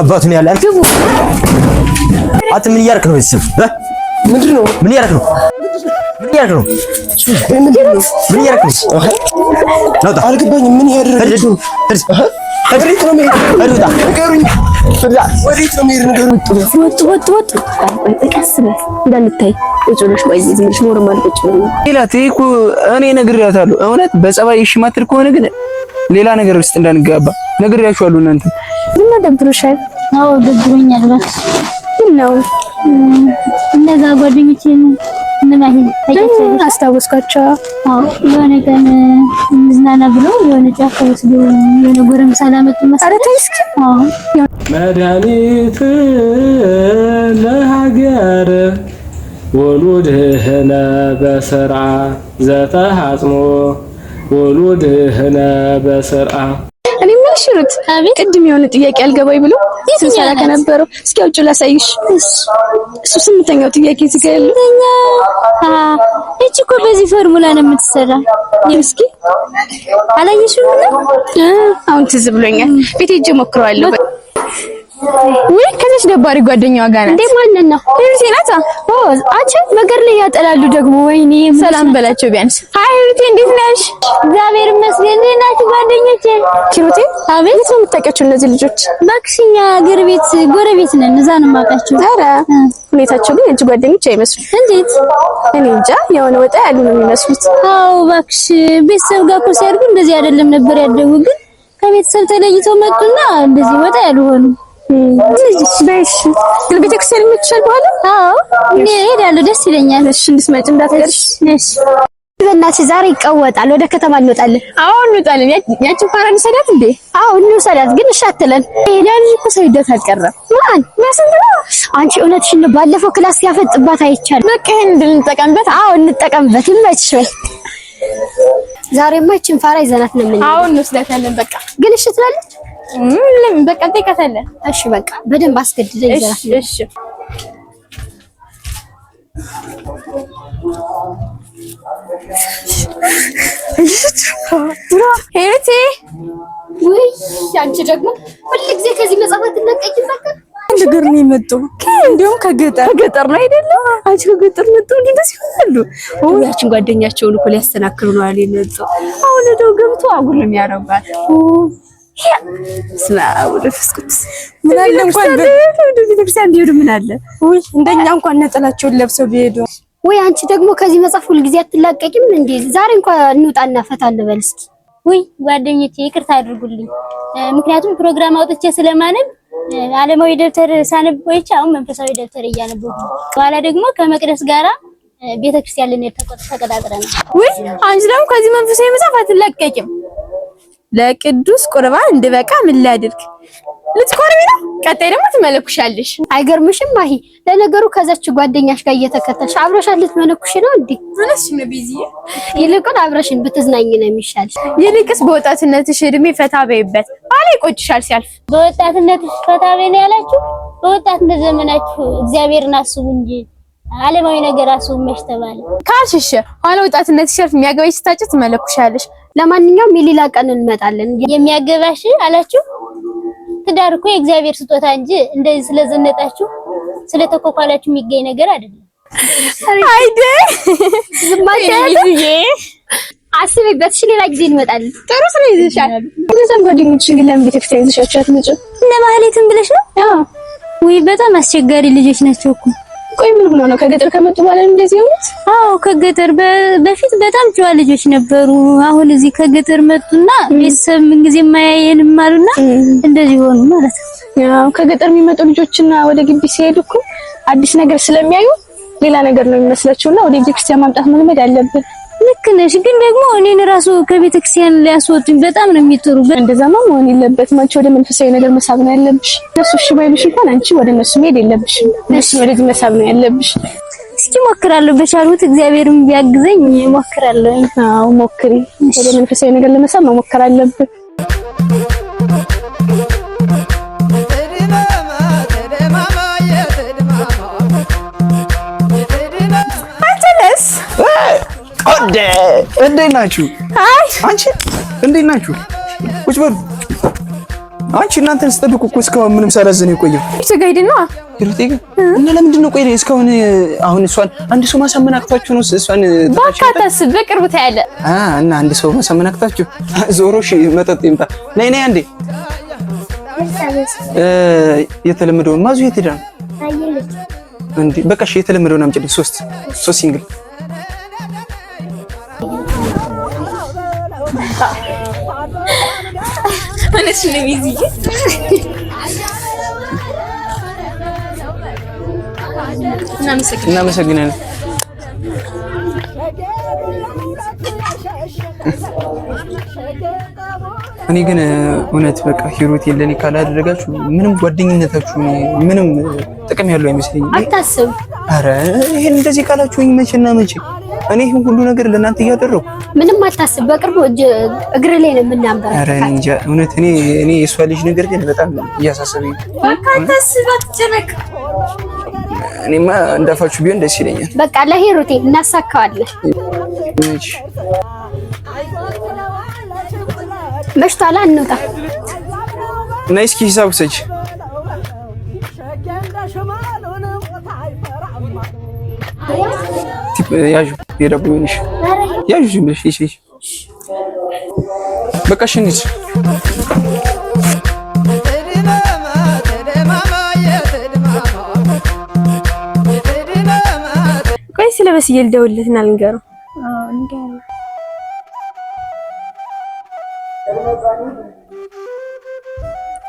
አባቱ ነው ያለ። አንተ ምን እያደረክ ነው? እዚህ ምንድን ነው? ምን እያደረክ ነው? ምን እያደረክ ነው? ምን እያደረክ ነው? አልገባኝም። ምን ነው? ነው ነው ወጥ ወጥ ወጥ እንዳልታይ ዝም እኔ ነግሬያታለሁ። እውነት በጸባይ እሺ ከሆነ ግን ሌላ ነገር ውስጥ እንዳንጋባ ነግሬያችኋለሁ እናንተ ደብሮሻል? አዎ ደብሮኛል። በቃ ነው እነዛ ጓደኞቼን አስታወስኳቸው። የሆነ ቀን እንዝናና ብሎ የሆነ ጫካ ወስዶ የሆነ ጎረምሳ ላመጡ መድኃኒት ለሀገር በስርዓ ዘተሃጽሞ በስርዓ ሂሩት ቅድም የሆነ ጥያቄ አልገባኝ ብሎ ስንሰራ ከነበረው እስኪ አውጪ ላሳይሽ። እሱ ስምንተኛው ጥያቄ እዚህ ጋር እቺ እኮ በዚህ ፎርሙላ ነው የምትሰራ። እስኪ አላየሽም? አሁን ትዝ ብሎኛል። ቤት ሂጅ ሞክረዋለሁ። ወይ ከዚች ደባሪ ጓደኛዋ ጋር ናት እንዴ? ማንን ነው? እህቴ ናታ። ኦ አቺ ነገር ላይ ያጠላሉ ደግሞ። ወይኔ ሰላም በላቸው ቢያንስ። ሃይ እህቴ፣ እንዴት ነሽ? እግዚአብሔር ይመስገን። ደህና ናት ጓደኞቼ። ኪሩቴ፣ አቤት። የት ነው የምታውቂያቸው እነዚህ ልጆች? ማክሲኛ ሀገር ቤት ጎረቤት ነን፣ እዛ ነው የማውቃቸው። ኧረ ሁኔታቸው ግን እጅ ጓደኞች አይመስሉም። እንዴት? እኔ እንጃ፣ የሆነ ወጣ ያሉ ነው የሚመስሉት። አዎ እባክሽ፣ ቤተሰብ ጋር እኮ ሲያድጉ እንደዚህ አይደለም ነበር ያደጉ፣ ግን ከቤተሰብ ተለይቶ መጡና እንደዚህ ወጣ ያሉ ሆኑ። ግን ቤተክርስቲያን የምትችል በኋላ አዎ፣ እሄዳለሁ። ደስ ይለኛል። እሺ፣ እንድትመጪ እንዳትቀርሽ። እሺ፣ በእናትሽ ዛሬ ይቀወጣል። ወደ ከተማ እንወጣለን። አዎ፣ እንወጣለን። ያቺን ፋራ እንውሰዳት እንዴ? አዎ፣ እንውሰዳት። ግን እሺ አትለን። ያን እኮ ሰው ሂደት አልቀረም። ማን ያሰንደው? አንቺ እውነትሽን ነው። ባለፈው ክላስ ያፈጥባት አይቻልም። በቃ ይሄን እንድል እንጠቀምበት። አዎ፣ እንጠቀምበት። ይመችሽ ወይ ዛሬማ ይቺን ፋራ ይዘናት ነው የምንሄደው። አዎ፣ እንወስዳታለን። በቃ ግን እሺ ትላለች በቃ ትከተለን። እሺ በቃ በደንብ አስገድደ ይዘራት። እሺ ሄሪቲ ውይ አንቺ ደግሞ ሁሉ ጊዜ ከዚህ መጽሐፍ አትነቀቂ። በቃ አንድ ግር ነው የመጡ እንዲሁም ከገጠር ከገጠር ነው አይደለም? አንቺ ከገጠር መጡ እንዴት ደስ ይላሉ። ያችን ጓደኛቸውን እኮ ሊያስተናክሉ ነው አለ የመጡ። አሁን ደው ገብቶ አጉል ነው የሚያረጋት ምን አለ እንደኛ እንኳን ነጠላቸውን ለብሰው ቢሄዱ። ወይ አንቺ ደግሞ ከዚህ መጽሐፍ ሁልጊዜ አትላቀቂም እንዴ? ዛሬ እንኳን እንውጣና ፈታ እንበል እስኪ። ወይ ጓደኞቼ ይቅርታ አድርጉልኝ፣ ምክንያቱም ፕሮግራም አውጥቼ ስለማነብ አለማዊ ደብተር ሳነብ ቆይቼ አሁን መንፈሳዊ ደብተር እያነበብኩ በኋላ ደግሞ ከመቅደስ ጋራ ቤተክርስቲያን ልንሄድ ተቆጣጥረናል። ወይ አንቺ ደግሞ ከዚህ መንፈሳዊ መጽሐፍ አትላቀቂም ለቅዱስ ቁርባን እንድበቃ ምን ላድርግ? ልትቆርቢ ነው? ቀጣይ ደግሞ ትመለኩሻለሽ። አይገርምሽም? ማሂ ለነገሩ ከዛች ጓደኛሽ ጋር እየተከተልሽ አብረሻት ልትመለኩሽ ነው እንዴ? ምንስ ነው ቢዚ። ይልቁን አብረሽን ብትዝናኝ ነው የሚሻልሽ። ይልቅስ በወጣትነትሽ እድሜ ፈታ በይበት፣ ባላ ይቆጭሻል ሲያልፍ። በወጣትነትሽ ፈታ በይ ነው ያላችሁ? በወጣትነት ዘመናችሁ እግዚአብሔርን አስቡ እንጂ አለማዊ ነገር አስቡ መች ተባለ ካልሽሽ፣ ኋላ ወጣትነትሽ ሲያልፍ የሚያገባሽ ስታጭ ትመለኩሻለሽ። ለማንኛውም የሌላ ቀን እንመጣለን። የሚያገባሽ አላችሁ። ትዳር እኮ የእግዚአብሔር ስጦታ እንጂ እንደዚህ ስለዘነጣችሁ ስለተኮኳላችሁ የሚገኝ ነገር አይደለም። አይደ ዝማቻዬ አስቤበት ሌላ ጊዜ እንመጣለን። ጥሩ ስለ ይዘሻል። እነዚያም ጓደኞችሽን ግን ለምን ቤተክርስቲያን ይዘሻቸው አትመጭም? እነ ብለሽ ነው? አዎ ወይ በጣም አስቸጋሪ ልጆች ናቸው እኮ ቆይ ምን ሆኖ ነው ከገጠር ከመጡ በኋላ እንደዚህ ሆኑት? አዎ ከገጠር በፊት በጣም ጨዋ ልጆች ነበሩ። አሁን እዚህ ከገጠር መጡና ቤተሰብ ምን ጊዜ የማያየን ማሉና እንደዚህ ሆኑ ማለት ነው። ያው ከገጠር የሚመጡ ልጆችና ወደ ግቢ ሲሄዱ እኮ አዲስ ነገር ስለሚያዩ ሌላ ነገር ነው የሚመስላችሁና ወደ ቤተክርስቲያን ማምጣት መልመድ አለብን። ልክ ነሽ። ግን ደግሞ እኔን ራሱ ከቤተ ክርስቲያን ሊያስወጡኝ በጣም ነው የሚጥሩ። እንደዛማ መሆን የለበትም። አንቺ ወደ መንፈሳዊ ነገር መሳብ ነው ያለብሽ። እነሱ እሺ ባይሉሽ እንኳን አንቺ ወደ እነሱ መሄድ የለብሽም። እነሱ ወደዚህ መሳብ ነው ያለብሽ። እስኪ ሞክራለሁ፣ በቻልኩት እግዚአብሔርም ቢያግዘኝ ሞክራለሁ። አዎ ሞክሪ። ወደ መንፈሳዊ ነገር ለመሳብ መሞከር አለብን። ተወደ እንዴት ናችሁ? አይ አንቺ እንዴት ናችሁ? ቁጭ በሉ። አንቺ እናንተን ስጠብቅ እኮ እስካሁን ምንም ሳላዝን የቆየው ይዘጋ ሄድን ነው እና ለምንድን ነው ቆይ እስካሁን አሁን እሷን አንድ ሰው ማሳመን አቅቷችሁ ነው? እሷን ባካተስ በቅርብ ታያለ እና አንድ ሰው ማሳመን አቅቷችሁ ዞሮ እሺ፣ መጠጥ ይምጣ ነይ ነይ አንዴ የተለመደውን ማዙ የት ሄዳ ነው? እንዴ በቃ እሺ፣ የተለመደውን አምጪልኝ ሶስት ሶስት ሲንግል እናመሰግናለን። እኔ ግን እውነት በቃ ሂሩት የለኔ ካላደረጋችሁ ምንም ጓደኝነታችሁ ምንም ጥቅም ያለው አይመስለኝም። አታስብ። ኧረ ይሄን እንደዚህ ካላችሁኝ መቼና መቼ እኔ ይህን ሁሉ ነገር ለእናንተ እያደረኩ ምንም አልታስብ። በቅርቡ እግር ላይ ነው የምናንበር። ኧረ እኔ እንጃ እውነት እኔ እኔ የእሷ ልጅ ነገር ግን በጣም እያሳሰበኝ እኔማ እንዳፋችሁ ቢሆን ደስ ይለኛል። በቃ ለሄሩቴ እናሳካዋለን። መሽቷላ፣ እንውጣ። ነይ እስኪ ሂሳብ ውሰጅ። ያዥ የዳቦ ይሆንሽ ያዥ ዝም ብለሽ እሺ፣ በቃ እሺ ቆይ ስለ በስዬ ልንገረው።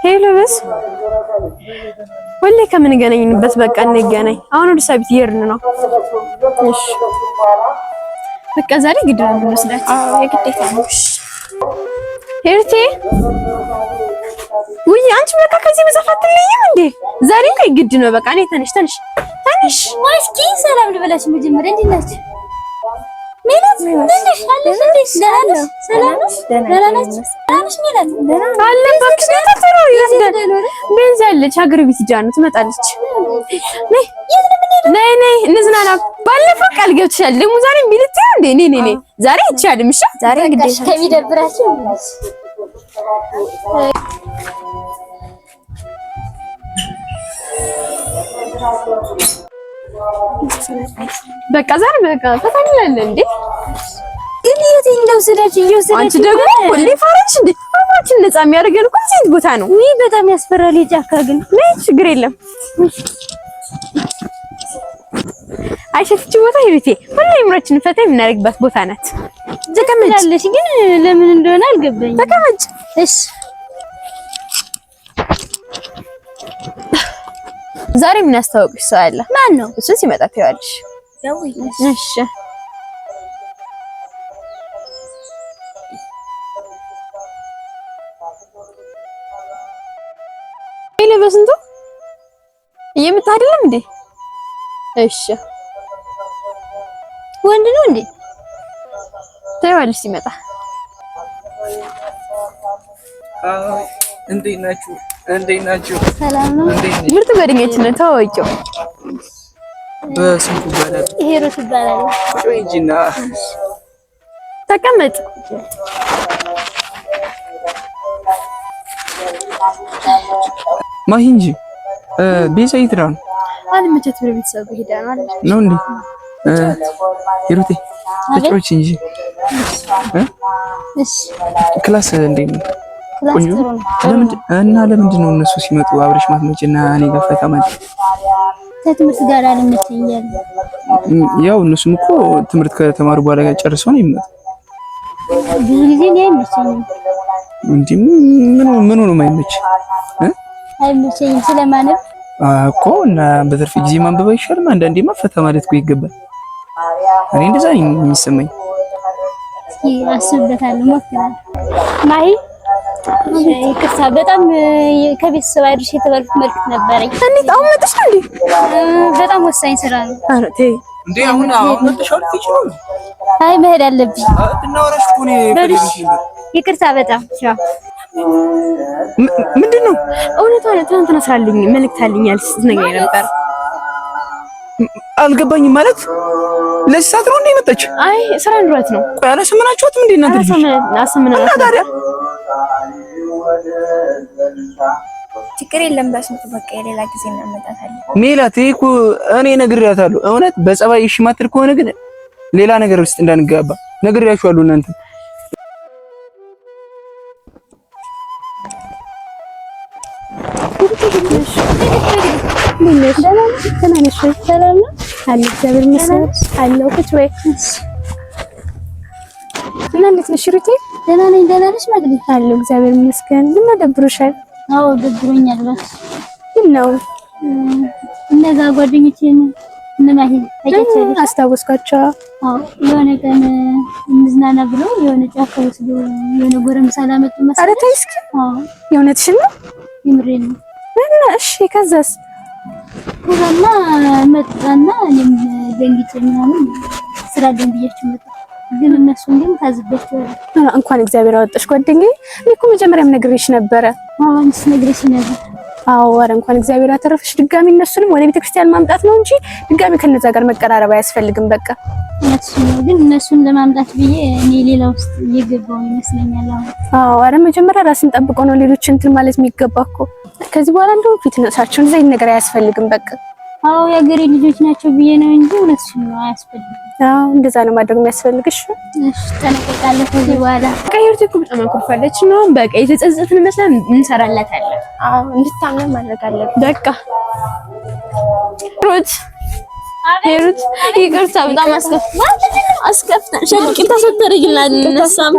ሄሎ በስ ሁሌ ከምንገናኝንበት በቃ እንገናኝ። አሁን ወደ ቤት እየሄድን ነው። እሺ በቃ ዛሬ ግድ ነው የምንወስዳት። አዎ የግዴታ ነው። እሺ ሄርቴ፣ ውይ አንቺ በቃ ከዚህ መጽሐፍ አትለይም እንዴ? ዛሬ ላይ ግድ ነው በቃ። እኔ ተነሽ ተነሽ ተነሽ። እስኪ ሰላም ልበላሽ መጀመሪያ። እንዴት ናችሁ? ሜላት ምንሽ ሀገር ቤት ሂጅ ትመጣለች። ነይ ነይ እንዝናና። ባለፈው ቃል ገብተሻል። ደግሞ ዛሬም ቢልት ነው እንዴ? ነይ ነይ ዛሬ አይቻልም። እሺ ዛሬ እንግዲህ ከሚደብራችሁ በቃ ዛሬ በቃ ፈታኝ ላለ እንዴ ግዴት እንደወሰዳች እየወሰዳች አንቺ ደግሞ ሁሌ ፈረንሽ እንዴ አማችን ነፃ የሚያደርገን እኮ እዚህ ቦታ ነው። ውይ በጣም ያስፈራል። የጫካ ግን ነይ ችግር የለም። አይሸፍች ቦታ ህይወቴ ሁሌ ምራችን ፈታ የምናደርግባት ቦታ ናት። ተቀመጭ ግን ለምን እንደሆነ አልገባኝም። ተቀመጭ እሺ ዛሬ ምን ያስታወቅሽ ሰው አለ? ማን ነው? እሱን ሲመጣ ታያለሽ። እሺ ይሄ በስንቱ እየመጣ አይደለም እንዴ? እሺ ወንድ ነው እንዴ? ታያለሽ ሲመጣ። አዎ እንዴት ናችሁ? እንዴት ናችሁ? ሰላም ነው። ምርጥ ጓደኛችን ነው። ታወቂው በስንቱ ይባላል? ሄሮት ይባላል። ቆይ እንጂና ተቀመጥ። ማሂ እንጂ ቤዛ የት ነው? አልመቸት ብሎ ቤተሰብ ሄዳ ነው እንዴ? ሄሮቴ ተጫወች እንጂ ክላስ እንዴት ነው? እና ለምንድን ነው እነሱ ሲመጡ አብረሽ ማትመጪና እኔ ጋር ፈታ ማለት? ከትምህርት ጋር አልመቸኝም። ያው እነሱም እኮ ትምህርት ከተማሩ በኋላ ጋር ጨርሰው ነው የሚመጡ። ብዙ ጊዜ እኔ አይመቸኝም። እንዴ ነው የማይመች አይመቸኝም እኮ እና በትርፍ ጊዜ ማንበብ አይሻልም? ማለት እኮ ይገባል። እኔ እንደዛ የሚሰማኝ። እስኪ አስብበታለሁ፣ ማይ ይቅርታ በጣም ከቤተሰብ አይድርሽ የተባልኩት መልዕክት ነበረኝ። እንዴት አሁን መጥሽ? በጣም ወሳኝ ስራ ነው። አረ ተይ እንዴ! አሁን አሁን መጥሽ? አይ መሄድ አለብኝ። እናወራሽ እኮ ነው። ይቅርታ በጣም ምንድን ነው እውነቷን ትናንትና ስራልኝ መልዕክት አለኝ ያልሽ ስትነግሪኝ ነበር አልገባኝም። ማለት ለዚህ ሰዓት ነው እንዴ መጣች? አይ ስራ ኑረት ነው። ቆይ አላሰመናችሁትም እንዴ እናንተ ልጅ? እና ታዲያ ችግር የለም። በስንቱ በቃ የሌላ ጊዜ እናመጣታለን። ሜላት ይሄ እኮ እኔ ነግሬያታለሁ። እውነት በጸባይ እሺ ማትል ከሆነ ግን ሌላ ነገር ውስጥ እንዳንገባ ነግሬያችኋለሁ እናንተ እንዴት ተናነሽ ይችላል አለ እግዚአብሔር ይመስገን አለው። ቁጭ በይ እና እንዴት ነሽ ሩቴ? ደህና ምን ደብሮሻል? አዎ ደብሮኛል። በስ ምን ነው እነዛ ጓደኞቼን እነማሂን ታውቂያቸዋለሽ? አስታወስኳቸው። አዎ የሆነ ቀን እንዝናና ብለው የሆነ ጫካ ወስዶ የሆነ ጎረምሳ ላመጡ መሰለኝ። ተይ እስኪ። አዎ የእውነትሽን ነው? ነው። እና እሺ ከዛስ ከዛማ መጣና እኔም ደንግጬ ምናምን ስራ ደንግያችሁ መጣ። ግን እነሱ ግን ታዝባችሁ እንኳን እግዚአብሔር አወጣሽ ጓደኛዬ። እኔ እኮ መጀመሪያም ነግሬሽ ነበረ። አዎ ነግሬሽ ነበር አዎ ኧረ እንኳን እግዚአብሔር አተረፈሽ። ድጋሚ እነሱንም ወደ ቤተክርስቲያን ማምጣት ነው እንጂ ድጋሚ ከነዛ ጋር መቀራረብ አያስፈልግም። በቃ እነሱ ግን እነሱን ለማምጣት ብዬ እኔ ሌላ ውስጥ እየገባሁ ይመስለኛል። አዎ ኧረ መጀመሪያ ራስን ጠብቆ ነው ሌሎች እንትን ማለት የሚገባ እኮ። ከዚህ በኋላ እንደው ፊትነሳቸውን ዘይን ነገር አያስፈልግም። በቃ አዎ የሀገሬ ልጆች ናቸው ብዬ ነው እንጂ እነሱን ነው አያስፈልግም። አዎ እንደዛ ነው ማድረግ የሚያስፈልግሽ። እሺ ተነቀቃለሁ። ከዚህ በኋላ ቀይርት በጣም አኩርፋለች ነው በቃ የተጸጸትን መስላ እንሰራላታለን እንድታምነው ማድረግ አለብን። በቃ ሮች ሄሩት ይቅርታ፣ በጣም አስከፍ አስከፍተን ሸቅጣ ሰተረግልና እንነሳም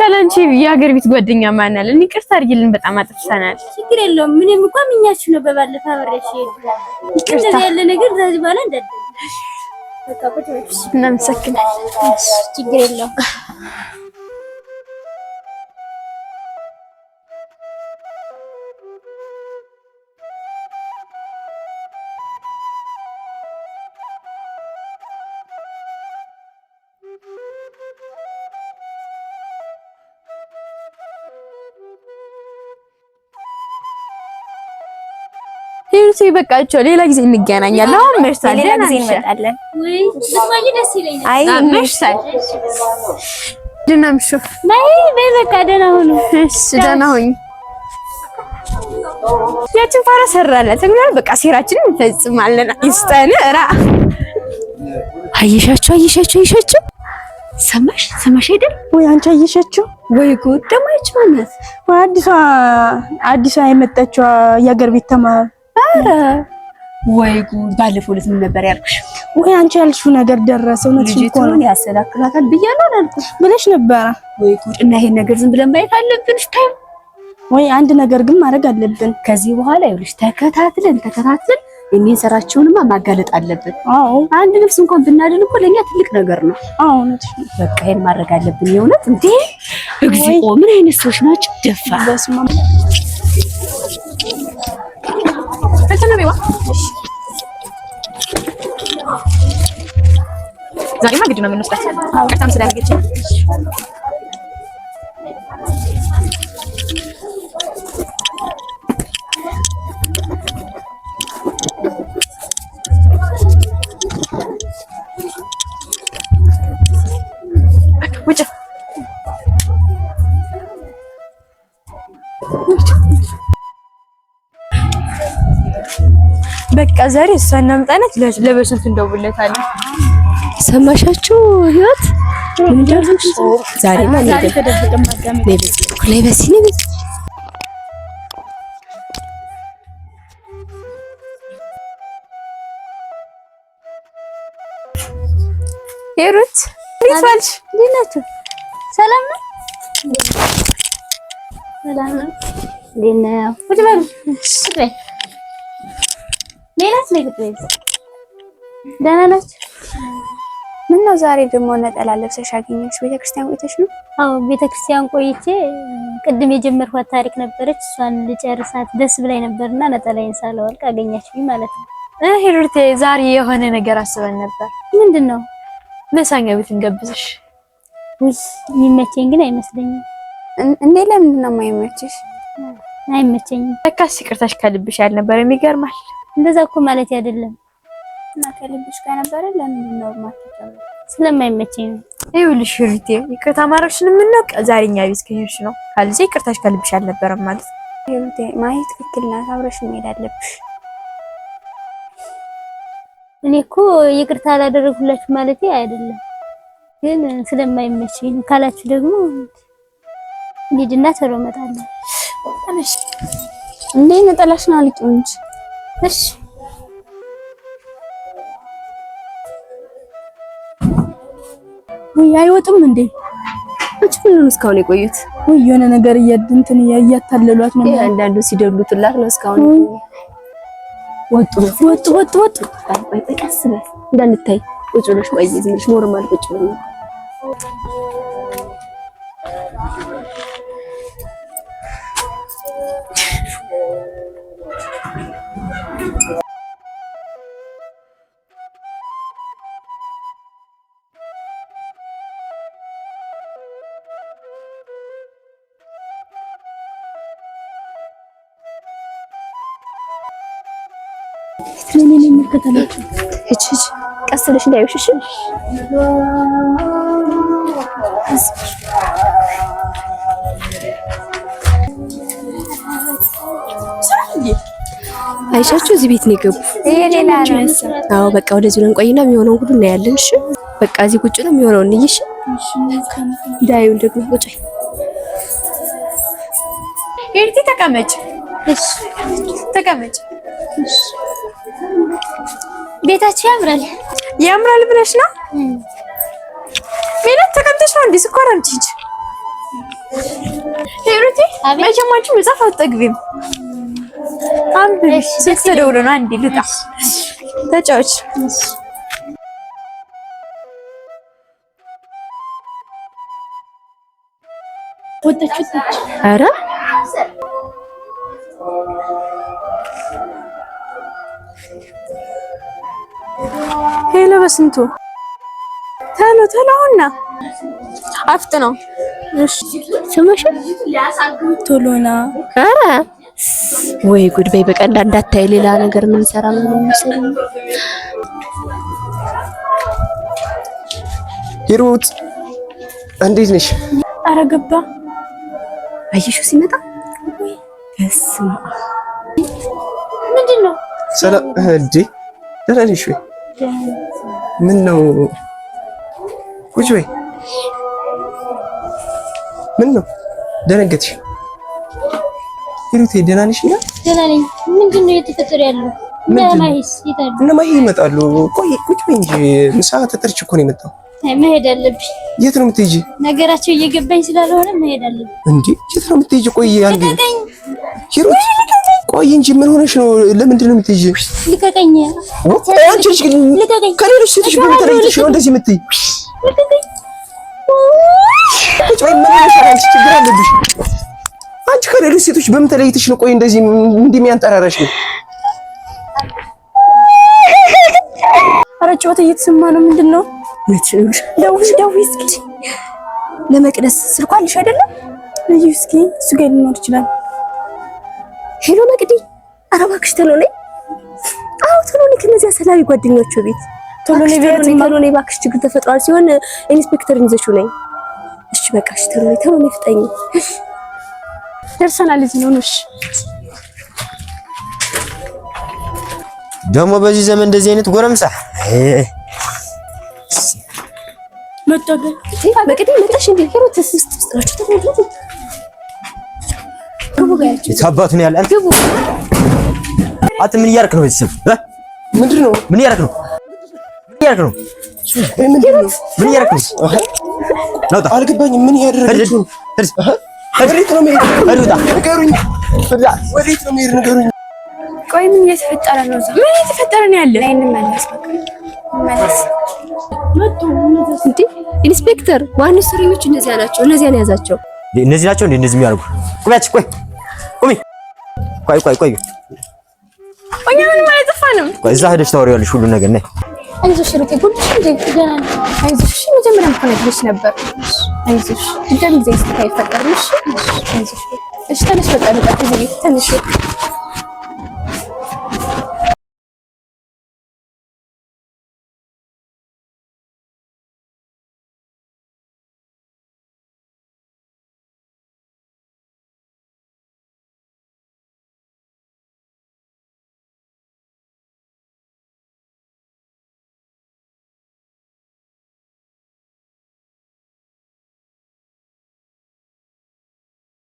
ከላንቺ የሀገር ቤት ጓደኛ ማናል እኔ ይቅርታ አድርጊልን፣ በጣም አጥፍተናል። ችግር የለውም። ምንም እንኳን እኛችሁ ነው። በባለፈ አበረሽ ይቅርታ ያለ ነገር ዛዚ በኋላ እንዳደረ እናመሰግናለን። ችግር የለውም። ሌሎች ይበቃቸው። ሌላ ጊዜ እንገናኛለን። አሁን መርሳል። ሌላ ጊዜ እንመጣለን። ወይ ደስ ይለኛል። አይ መርሳል። ደህና ምሹ። በይ በይ፣ በቃ ደህና ሁኑ። እሺ ደህና ሁኝ። ያችን ፋራ ሰራለት እንግዲህ በቃ ሴራችንን እንፈጽማለን። ይስጠን። እራ አየሻቸው፣ አየሻቸው፣ አየሻቸው። ሰማሽ፣ ሰማሽ አይደል ወይ? አንቺ አየሻቸው ወይ? ጉድ ደግሞ አይችማነት ወይ አዲሷ አዲሷ የመጣችው የሀገር ቤት ተማር ወይ ጉድ! ባለፈው ዕለት ምን ነበር ያልኩሽ? ወይ አንቺ ያልሽው ነገር ደረሰ። እውነትሽን እኮ ነው። ያሰላክላታል ብያለሁ አላልኩሽ ብለሽ ነበረ። ወይ ጉድ! እና ይሄን ነገር ዝም ብለን ማየት አለብን። ስታይ ወይ አንድ ነገር ግን ማድረግ አለብን። ከዚህ በኋላ ይኸውልሽ ተከታትለን ተከታትለን የሚንሰራቸውንማ ማጋለጥ አለብን። አዎ አንድ ልብስ እንኳን ብናድን እኮ ለኛ ትልቅ ነገር ነው። አዎ እውነትሽ በቃ ይሄን ማድረግ አለብን። የእውነት እንዴ! እግዚኦ! ምን አይነት ሰዎች ናቸው? ደፋ ነው የምንወስዳት። በጣም ስላደገች በቃ ዛሬ እሷ እናምጣናት ለበስንት እንደውልለታለን ሰማሻችሁ? ህይወት ዛሬ ላይ በሲኒ ሄሩት እንዴት ዋልሽ? እንዴት ናችሁ? ሰላም ነው? ሰላም ነው? እንዴት ነው? ቁጭ በሉ ቁጭ በይ። ሌላስ ነው ቁጭ በይ። ደህና ናችሁ? ምን ነው ዛሬ ደግሞ ነጠላ ለብሰሽ አገኘሁሽ? ቤተክርስቲያን ቆይተሽ ነው? አዎ ቤተክርስቲያን ቆይቼ ቅድም የጀመርኳት ታሪክ ነበረች። እሷን ልጨርሳት ደስ ብላኝ ነበርና ነጠላዬን ሳላወልቅ አገኛችሁኝ ማለት ነው። ሂሩቴ ዛሬ የሆነ ነገር አስበን ነበር። ምንድን ነው? መሳኛ ቤት እንገብዝሽ። ውይ የሚመቸኝ ግን አይመስለኝም። እንዴ ለምንድን ነው የማይመችሽ? አይመቸኝም። ለካስ ይቅርታሽ ከልብሽ ያልነበረም ይገርማል። እንደዛ እኮ ማለት አይደለም እና ከልብሽ ከነበረ ለምንድን ነው ስለማይመቸኝ ነው። ይኸውልሽ ሪቴ ይቅርታ ማድረግሽን የምናውቅ ዛሬ እኛ ቤት ከሄድሽ ነው። ካልዚ ይቅርታሽ ከልብሽ አልነበረም ማለት ትክክል ናት። አብረሽ መሄድ አለብሽ። እኔ እኮ ይቅርታ አላደረግሁላችሁ ማለት አይደለም፣ ግን ስለማይመቸኝ ካላችሁ ደግሞ እንሂድና ቶሎ እመጣለሁ። ነጠላሽን አልቂው እንጂ እሺ ወይ አይወጡም እንዴ? እጭ ሁሉን እስካሁን የቆዩት ወይ የሆነ ነገር እንትን እያታለሏት ነው። አንዳንዱ ሲደሉትላት ነው እስካሁን ወጡ ወጡ ወጡ ወጡ። ቀስ በል እንዳንታይ ቁጭ ብለሽ ቆይ። ዝም ብለሽ ኖርማል ቁጭ ብለሽ ልከተላችሁ። እቺ እቺ ቀስ ብለሽ እንዳይሽ እሺ። እዚህ ቤት ነው የገቡ። አዎ በቃ ወደዚህ ነው እንቆይና የሚሆነው ሁሉ እናያለን። እሺ በቃ እዚህ ቁጭ ነው የሚሆነውን እንይሽ ዳዩ ደግሞ ቁጭ ይርቲ ተቀመጭ፣ ተቀመጭ። ቤታችሁ ያምራል ያምራል ብለሽ ነው ሜላት ተቀምጠሽ ነው እንዴ ስኳር አምጪ ሄሩቲ መቼም አንቺ መጽሐፍ አትጠግቢም አንብ ስልክ ተደውሎ ነው አንዴ ልጣ ተጫዎች ኧረ ስንቱ ተሎ ተሎና አፍጥ ነው። ስምሽ ቶሎና አረ ወይ ጉድ በይ በቃ እንዳታይ ሌላ ነገር ምን ሰራ ምን መስል ሂሩት እንዴት ነሽ? አረ ገባ አየሽው ሲመጣ ደስ ምንድን ነው ሰላም እንዴ ደህና ነሽ ወይ ምን ነው? ቁጭ በይ። ምን ነው ደነገጥሽ? ሂሩቴ ደህና ነሽ? እና ደህና ነኝ። ምንድን ነው የተፈጠረ ያለው? እነ ማሂ ይመጣሉ። ቆይ ቁጭ በይ እንጂ ምሳ ተጠርቼ እኮ ነው የመጣው። መሄድ አለብኝ። የት ነው የምትሄጂ? ነገራቸው እየገባኝ ስላልሆነ መሄድ አለብኝ። እንዴ የት ነው የምትሄጂ? ቆይ አንዴ ሂሩት ቆይ እንጂ ምን ሆነሽ ነው? ለምንድን ነው የምትይዥ? ልቀቀኝ። አንቺ ልጅ ከሌሎች ሴቶች በምን ተለይተሽ ነው እንደዚህ የምትይ? ችግር አለብሽ አንቺ። ከሌሎች ሴቶች በምን ተለይተሽ ነው? ቆይ እንደዚህ ነው። ኧረ ጨዋታ እየተሰማ ነው። ምንድን ነው? ደውይ ደውይ እስኪ ለመቅደስ ስልኳ አለሽ አይደለም? እስኪ እሱ ጋር ሊኖር ይችላል ሄሎ መቅዲ፣ ኧረ እባክሽ ቶሎ ነይ። አዎ ቶሎ ነይ፣ ከነዚያ ሰላቢ ጓደኞቹ ቤት ቶሎ ቤት ቶሎ ነይ እባክሽ፣ ችግር ተፈጥሯል ሲሆን ኢንስፔክተር ይዘሽው ነይ። እሺ በቃ እሺ፣ ቶሎ ነይ፣ ቶሎ ነይ፣ ፍጠኝ። ደርሰናል። እዚህ ነው። እሺ ደግሞ በዚህ ዘመን እንደዚህ አይነት ጎረምሳ መጣ። መቅዲ መጣሽ እንዴ? ሄሮት ውስጥ ውስጥ ናቸው። አባቱን ያለ አንተ ምን እያደረክ ነው? ቤተሰብ ምንድን ነው? ምን እያደረክ ነው? ምን እያደረክ ነው? ምን እያደረክ ነው? ናውጣ አልገባኝም። ምን እያደረገችው? ወዴት ነው የምሄድ? ንገሩኝ። ወዴት ነው የምሄድ? ንገሩኝ። ቆይ ምን እየተፈጠረ ነው? ምን እየተፈጠረ ነው ያለ? ኢንስፔክተር ዋናው እስረኞች እነዚያ ናቸው። እነዚያን ያዛቸው። እነዚህ ናቸው እንደዚህ የሚያደርጉ ቁሚያችሁ ቆይ ቁሚ። ቆይ ቆይ ቆይ፣ እኛ ምንም አይጠፋንም። ቆይ እዛ ሄደሽ ታወሪዋለሽ ሁሉ ነገር ነይ። አይዞሽ ሩቴ፣ ጉድሽ እንጂ ገና ነው። አይዞሽ። እሺ፣ መጀመሪያም እኮ ነግሬሽ ነበር። አይዞሽ፣ ድጋሚ ጊዜ ስትታይ እሺ፣ አይዞሽ። እሺ፣ ተነሽ። በቃ በቃ፣ ተነሽ